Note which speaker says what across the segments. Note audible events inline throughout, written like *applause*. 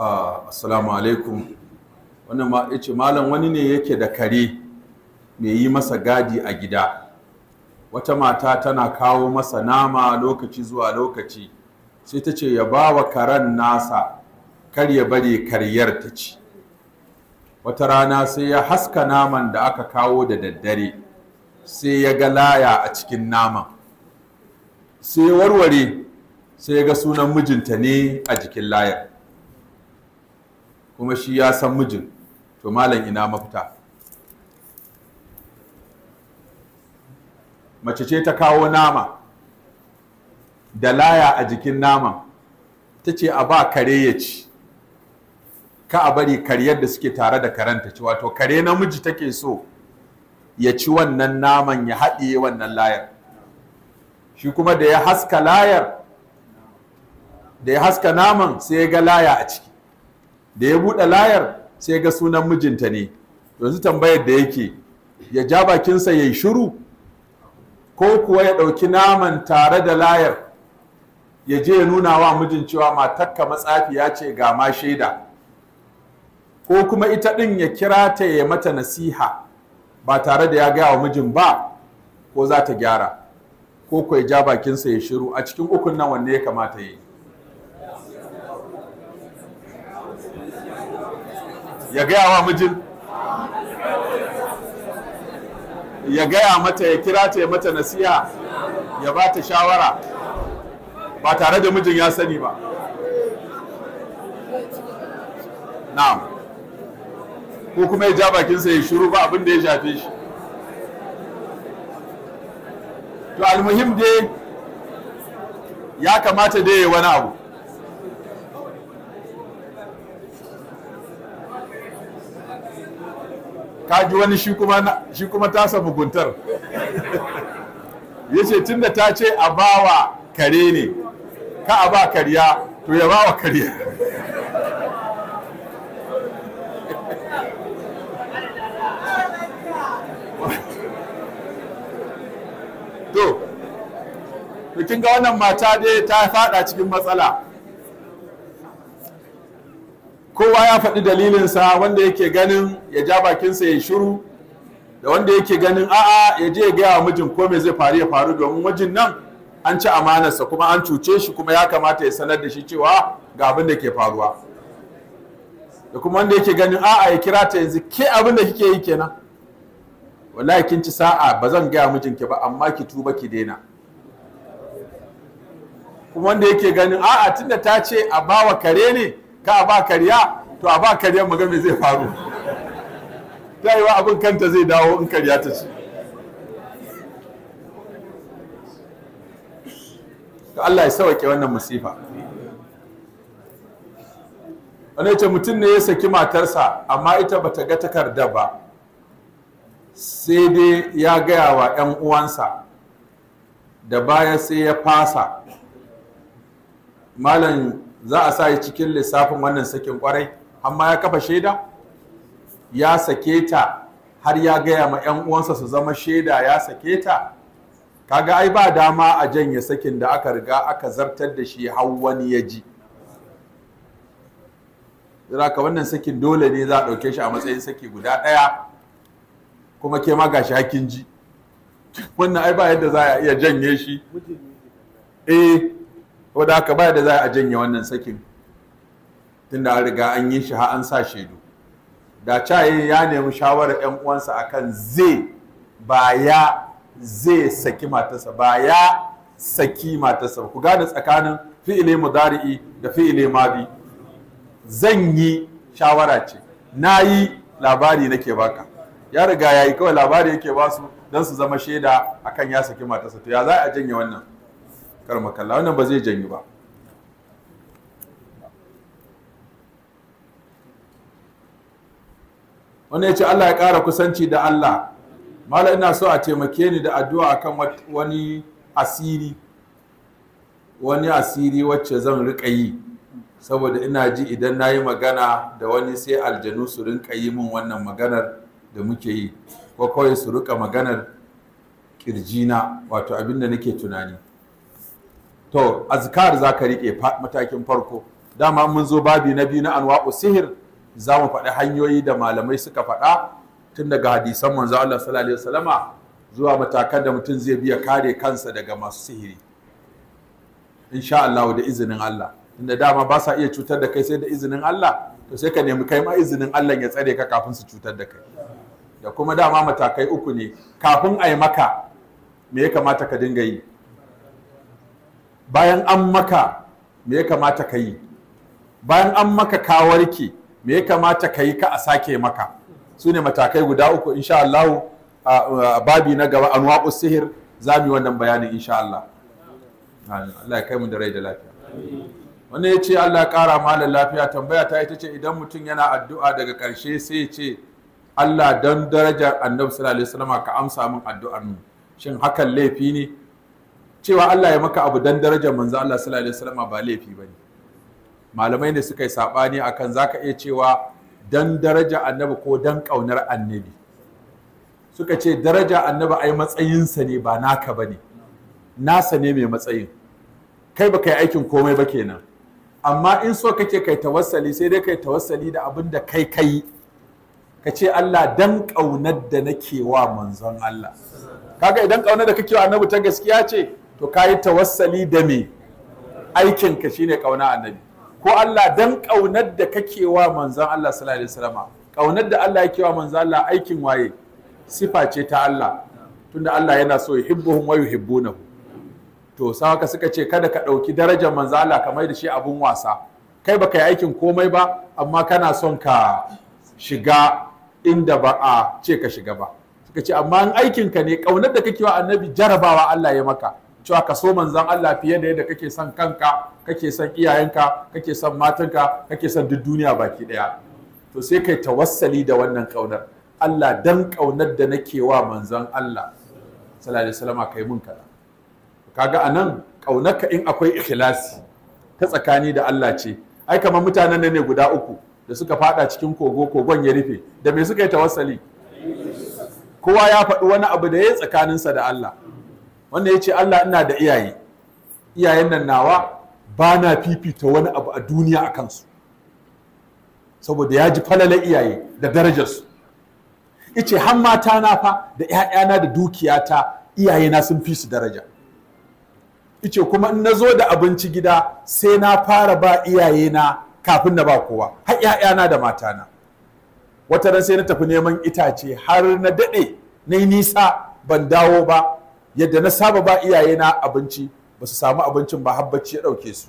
Speaker 1: Ah, assalamu alaikum wannan ma ce malam wani ne yake da kare mai yi masa gadi a gida wata mata tana kawo masa nama lokaci zuwa lokaci sai ta ce ya ba wa karen nasa kar ya bari karyar ta ci wata rana sai ya haska naman da aka kawo da daddare sai ya ga laya a cikin naman sai ya warware sai ya ga sunan mijinta ne a jikin layar kuma shi ya san mijin to malam ina mafita mace ce ta kawo nama da laya a jikin naman ta ce a ba kare ya ci ka a bari karyar da suke tare da karanta ci wato kare namiji take so ya ci wannan naman ya haɗiye wannan layar shi kuma da ya haska layar da ya haska naman sai ya ga laya a ciki da ya buɗe layar sai ga sunan mijinta ne yanzu tambayar da yake ya ja bakinsa ya yi shiru ko kuwa ya ɗauki naman tare da layar ya je ya nuna wa mijin cewa matakka ya ce ga ma shaida ko kuma ita ɗin ya kira ta ya mata nasiha ba tare da ya gaya wa mijin ba ko za ta gyara ko kuwa ya ja bakinsa ya shiru a cikin ukun nan wanne ya kamata ya yi ya gaya wa mijin ya gaya mata ya kira ta ya mata nasiha ya ba ta shawara ba tare da mijin ya sani ba na'am ko kuma ya ja bakinsa ya shiru ba abin da ya shafe shi to almuhim dai ya kamata dai wani abu Ka ji wani shi kuma tasa muguntar ya ce tunda ta ce a bawa kare ne ka a ba kariya to ya bawa kariya. to kin ga wannan mata dai ta fada cikin matsala kowa ya faɗi dalilinsa wanda yake ganin ya ja bakinsa ya shiru da wanda yake ganin a'a ya je ya gaya wa mijin ko me zai faru ya faru domin wajin nan an ci amanarsa kuma an cuce shi kuma ya kamata ya sanar da shi cewa ga abin da ke faruwa da kuma wanda yake ganin a'a ya kira ta yanzu ke abin da kike yi kenan wallahi kin ci sa'a ba zan gaya mijinki ba amma ki tuba ki daina kuma wanda yake ganin a'a tunda ta ce a bawa kare ne ka ba kariya? to a ba karya mu ga me zai faru ta yi wa abin kanta zai dawo in kariya ta ce to Allah ya sauke wannan musifa wani ce mutum ne ya saki matarsa amma ita bata ga takarda ba sai dai ya gaya wa 'yan uwansa da baya sai ya fasa malam za a sa cikin lissafin wannan sakin kwarai amma ya kafa shaida ya sake ta har ya gaya ma 'yan uwansa su zama shaida ya sake ta kaga ai ba dama a janye sakin da aka riga aka zartar da shi har wani ya ji ka wannan sakin dole ne za a ɗauke shi a matsayin saki guda ɗaya kuma ke ma gashi hakin ji wannan ai ba yadda za a iya janye shi eh da haka ba da za a janye wannan sakin tunda an riga an yi shi har an sa shaidu da caye ya nemi shawarar yan uwansa akan zai ba ya zai saki matarsa ba ya saki matarsa ku gane tsakanin fi'ile mudari'i da fi'ile madi zan yi shawara ce na yi labari nake baka ya riga ya yi kawai labari yake basu don su zama shaida akan ya saki matarsa to ya za a janye wannan karmakalla wannan ba zai janyu ba wani ya ce Allah ya ƙara kusanci da Allah mala ina so a taimake ni da addu'a akan wani asiri wani asiri wacce zan rika yi saboda ina ji idan na yi magana da wani sai aljanu su rinƙa yi min wannan maganar da muke yi ko kawai su rika maganar na wato abin da nake tunani to azkar za ka riƙe matakin farko dama mun zo babi na biyu na anwa'u sihir za mu faɗi hanyoyi da malamai suka faɗa tun daga hadisan manzo Allah sallallahu alaihi wasallama zuwa matakan da mutum zai biya kare kansa daga masu sihiri insha Allah da izinin Allah tunda dama ba sa iya cutar da kai sai da izinin Allah to sai ka nemi kai ma izinin Allah ya tsare ka kafin su cutar da kai da kuma dama matakai uku ne kafin a yi maka me ya kamata ka dinga yi bayan an maka me ya kamata ka yi bayan an maka ka warke me ya kamata ka yi ka a sake maka su ne matakai guda uku insha Allah a babi na gaba an waƙo sihir za mu yi wannan bayanin insha Allah Allah ya kai mu da rai da lafiya wani ya ce Allah ƙara lafiya tambaya ta ita ce idan mutum yana addu'a daga ƙarshe sai ya ce Allah don darajar annabi sallallahu alaihi wasallam ka amsa min addu'ar mu shin hakan laifi ne cewa Allah ya maka abu dan darajar manzo Allah sallallahu alaihi wasallam ba laifi bane malamai ne suka yi sabani akan zaka iya cewa dan daraja annabi ko dan kaunar annabi suka ce daraja annabi ai matsayin sa ne ba naka bane nasa ne mai matsayin kai baka yi aikin komai ba kenan amma in so kake kai tawassali sai dai kai tawassali da abin da kai kai ka ce Allah dan kaunar da nake wa manzon Allah kaga idan kaunar da kake wa annabi ta gaskiya ce to ka yi tawassali da me aikinka shine kauna annabi ko Allah dan kaunar da kake wa manzon Allah sallallahu alaihi wasallam kaunar da Allah yake wa manzon Allah aikin waye sifa ce ta Allah tunda Allah yana so ya hibbuhum wa yuhibbunahu to sawaka suka ce kada ka dauki darajar manzon Allah kamar da shi abun wasa kai baka yi aikin komai ba amma kana son ka shiga inda ba a ce ka shiga ba suka ce amma aikinka ne kaunar da kake wa annabi jarabawa Allah ya maka cewa ka so manzan Allah fiye da yadda kake son kanka kake son iyayenka kake son matanka kake son duk duniya baki daya to sai kai tawassali da wannan kaunar Allah dan kaunar da nake wa manzan Allah sallallahu alaihi wasallam kai mun kaza kaga anan kaunarka in akwai ikhlasi ta tsakani da Allah ce ai kamar mutanen ne guda uku da suka fada cikin kogo kogon ya rufe da me suka yi tawassali kowa ya faɗi wani abu da ya tsakaninsa da Allah wannan ya ce Allah ina da iyaye iyayen nan nawa ba na fifita wani abu a duniya a kansu saboda ya ji falala iyaye da darajarsu ice har mata na fa da 'ya'yana da dukiyata iyayena sun fi su daraja ice kuma in na zo da abinci gida sai na fara ba iyaye na kafin na ba kowa har 'ya'yana da matana wata ran sai na tafi neman itace har na daɗe na nisa ban dawo ba yadda na saba ba iyaye na abinci ba su samu abincin ba habbaci ya ɗauke su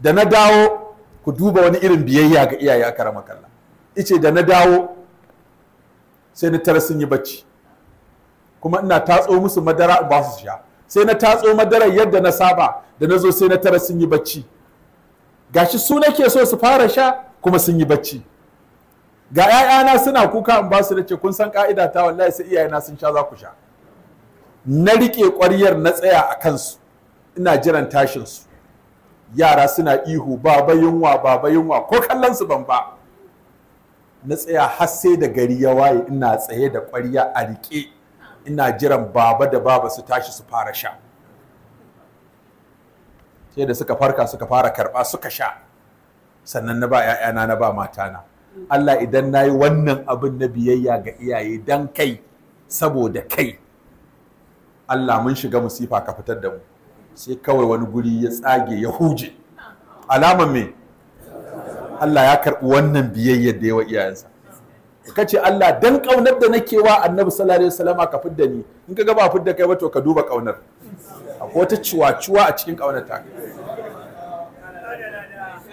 Speaker 1: da na dawo ku duba wani irin biyayya ga iyaye a karama kalla ice da na dawo sai na tara sun yi bacci kuma ina tatso musu madara ba su sha sai na tatso madara yadda na saba da na zo sai na tara sun yi bacci gashi su nake so su fara sha kuma sun yi bacci ga 'ya'yana suna kuka in ba su da ce kun san ka'ida ta wallahi sai iyayena sun sha za ku sha na riƙe ƙwaryar na tsaya a kansu ina jiran tashinsu yara suna ihu baba yunwa baba yunwa ko kallon su ban ba na tsaya har sai da gari ya waye ina tsaye da ƙwarya a riƙe ina jiran baba da baba su tashi su fara sha sai da suka farka suka fara karɓa suka sha sannan na ba 'ya'yana na ba matana Allah idan na yi wannan abin na biyayya ga iyaye don kai saboda kai Allah mun shiga musifa ka fitar da mu sai kawai wani guri ya tsage ya huje alaman me Allah ya karɓi wannan biyayyar da yawa iyayensa ka ce Allah dan ƙaunar da nake wa annabi sallallahu alaihi wasallama ka fidda ni in ka ga ba fidda kai ba to ka duba ƙaunar akwai wata ciwa-ciwa a cikin ƙaunar ta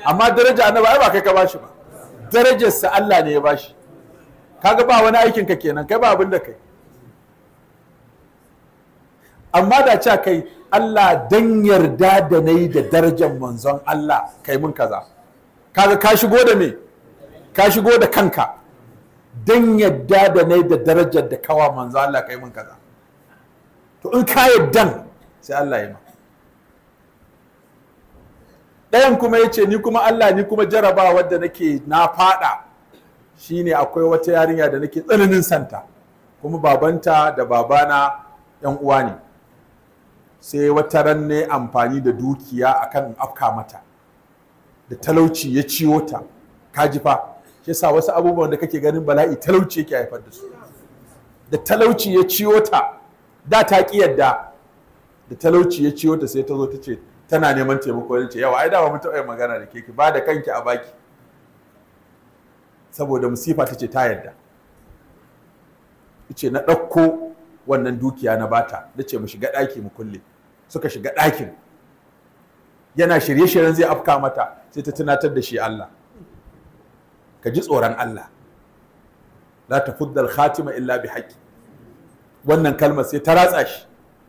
Speaker 1: amma daraja annabi ai ba kai ka bashi ba darajarsa Allah ne ya bashi kaga ba wani aikin ka kenan kai ba abin da kai amma da cewa kai Allah dan yarda da na yi da darajar manzon Allah kai mun kaza kaga ka shigo da me ka shigo da kanka dan yarda da na yi da darajar da kawa manzon Allah kai mun kaza to in ka yarda sai Allah ya ma ɗayan kuma ya ce ni kuma Allah ni kuma jaraba wadda nake na faɗa shine akwai wata yarinya da nake tsananin santa kuma babanta da babana 'yan uwa ne sai wata ran ne amfani da dukiya akan afka mata da talauci ya ciwo ta kaji fa shi sa wasu abubuwan da kake ganin bala'i talauci yake haifar da su da talauci ya ciwo ta da ta ki yadda da talauci ya ciwo ta sai ta zo ta ce tana neman taimako ya ce yawa ai dama mun taɓa magana da keke, ba da kanki a baki saboda musifa ta ce ta yadda ce na ɗauko wannan dukiya na bata na ce mu shiga ɗaki mu kulle suka shiga ɗakin yana shirye-shiryen zai afka mata sai ta tunatar da shi Allah ka ji tsoron Allah la ta fuddal khatima illa bi haqqi wannan kalmar sai ta ratsa shi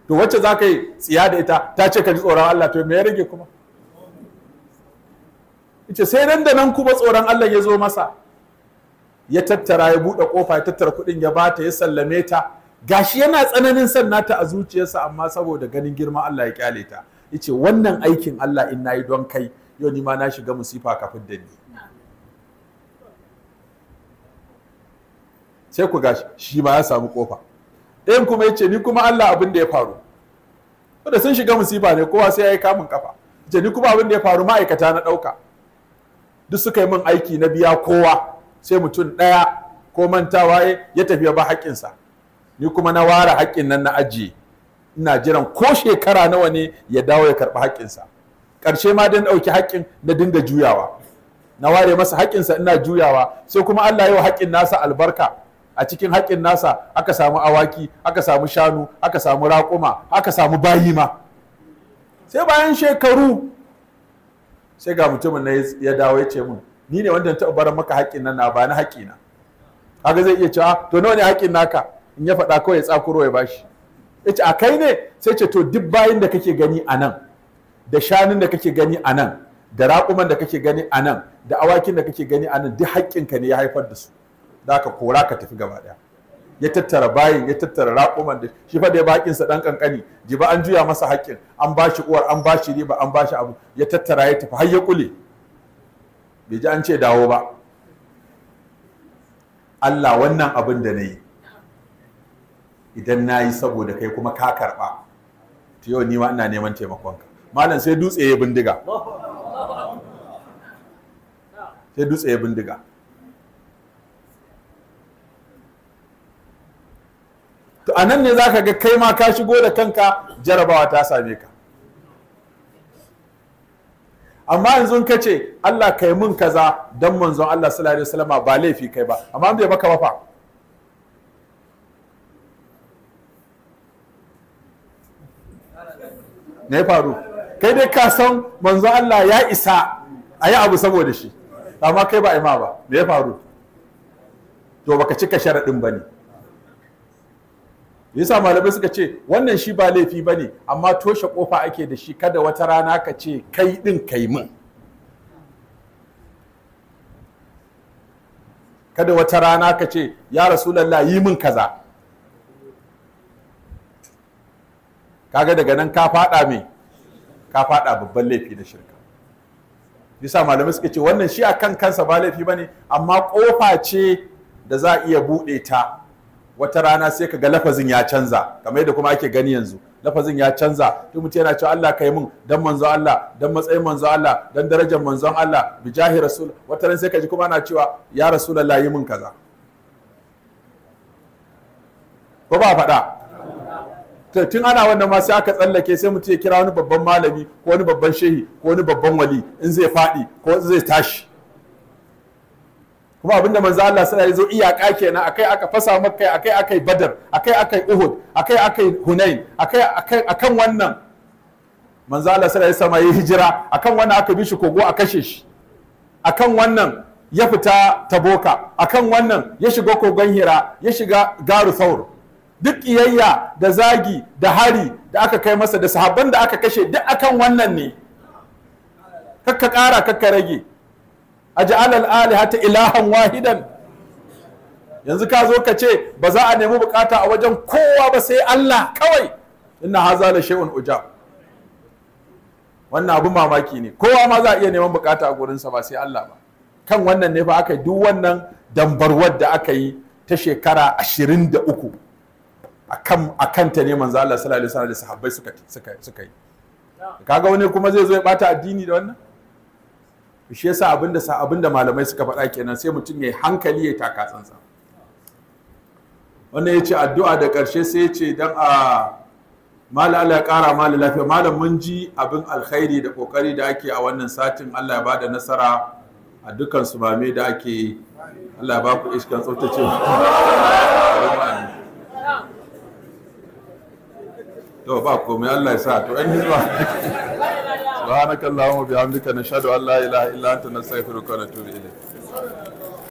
Speaker 1: to wacce za ka yi tsiya da ita ta ce ka ji tsoron Allah to me ya rage kuma ita sai nan da nan kuma tsoron Allah ya zo masa ya tattara ya buɗe kofa ya tattara kuɗin ya bata ya sallame ta gashi yana tsananin son nata a zuciyarsa amma saboda ganin girma, Allah ya kyale ta yace wannan aikin Allah in nayi don kai yau ni ma na shiga musifa kafin da ni sai ku gashi shi ma ya samu kofa ɗayan kuma yace ni kuma Allah abin da ya faru da sun shiga musifa ne kowa sai ya yi kamun kafa yace ni kuma abin da ya faru ma'aikata na ɗauka duk suka yi min aiki na biya kowa sai mutum ɗaya ko mantawa ya tafi ya ba haƙƙinsa ni kuma na ware haƙƙin nan na ajiye ina jiran ko shekara nawa ne ya dawo ya karɓi haƙƙinsa ƙarshe ma dan ɗauki haƙƙin na dinga juyawa na ware masa haƙƙinsa ina juyawa sai kuma Allah ya wa haƙƙin nasa albarka a cikin haƙƙin nasa aka samu awaki aka samu shanu aka samu raƙuma aka samu bayi ma sai bayan shekaru sai ga mutumin na ya dawo ya ce mun ni ne wanda taɓa barin maka haƙƙin nan na ba na haƙƙina kaga zai iya cewa to nawa ne haƙƙin naka in ya faɗa kawai ya tsakuro ya bashi ya ce a kai ne sai ce to duk bayan da kake gani a nan da shanun da kake gani a nan da raƙuman da kake gani a nan da awakin da kake gani a nan duk haƙƙinka ne ya haifar da su da ka kora ka tafi gaba ɗaya ya tattara bayin ya tattara raƙuman da shi fa da ya bakin sa dan kankani ba an juya masa haƙƙin an bashi uwar an bashi riba an bashi abu ya tattara ya tafi har ya kule bai ji an ce dawo ba Allah wannan abin da na yi idan na yi saboda kai kuma ka karɓa ta yau niwa ina neman taimakonka malam sai dutse ya bindiga sai dutse ya bindiga to a nan ne za ka ga kai ma ka shigo da kanka jarabawa ta same ka amma yanzu ka ce Allah kai mun kaza dan manzon Allah sallallahu alaihi wasallama ba laifi kai ba amma bai baka ba fa me ya faru kai dai ka san manzo Allah ya isa a yi abu saboda shi amma kai ba ima ba me ya faru to baka cika sharaɗin ba ne yasa malamai suka ce wannan shi ba laifi ba ne amma toshe kofa ake da shi kada wata rana ka ce kai ɗin kai min kada wata rana ka ce ya rasulallah yi min kaza kaga daga nan ka fada me ka fada babban laifi na shirka bisa malamai suka ce wannan shi akan kansa ba laifi bane amma ƙofa ce da za a iya buɗe ta wata rana sai ka ga lafazin ya canza kamar yadda kuma ake gani yanzu lafazin ya canza duk mutum yana cewa Allah kai mun dan manzo Allah dan matsayin manzo Allah dan darajar manzo Allah bi jahi rasul wata ran sai ka ji kuma ana cewa ya rasulullahi mun kaza ko ba faɗa to tun ana wannan ma sai aka tsallake sai mutum ya kira wani babban malami ko wani babban shehi ko wani babban wali in zai faɗi ko zai tashi kuma abinda manzo Allah sai ya zo iyaka kenan akai aka fasa makka akai akai badar akai akai uhud akai akai hunain akai akai akan wannan manzo Allah sai ya wasallam ya hijira akan wannan aka bi shi kogo a kashe shi akan wannan ya fita taboka akan wannan ya shiga kogon hira ya shiga garu saur duk ƙiyayya da zagi da hari da aka kai masa da sahabban da aka kashe duk akan wannan ne kakka ƙara kakka rage a ja'alal ta ilahan wahidan yanzu ka zo ka ce ba za a nemi bukata a wajen kowa ba sai Allah kawai ina haza da shehun uja. wannan abu mamaki ne kowa ma za a iya neman bukata a gurinsa ba sai Allah ba kan wannan ne ba aka yi duk wannan dambarwar da aka yi ta shekara ashirin da uku kan ta ne manzo Allah sallallahu alaihi wasallam da sahabbai suka suka suka yi kaga wani kuma zai zo ya bata addini da wannan shi yasa abinda sa abinda malamai suka faɗa kenan sai mutum ya hankali ya taka tsantsa wannan yace addu'a da ƙarshe sai yace dan a mala Allah ya ƙara mala lafiya malam mun ji abin alkhairi da kokari da ake a wannan satin Allah ya bada nasara a dukkan sumame da ake Allah ya ba ku iskan tsaftace *laughs* to ba komai Allah ya sa to ɗan hizba subhanakallahumma bihamdika nashhadu an la ilaha illa anta nastaghfiruka wa natubu ilayk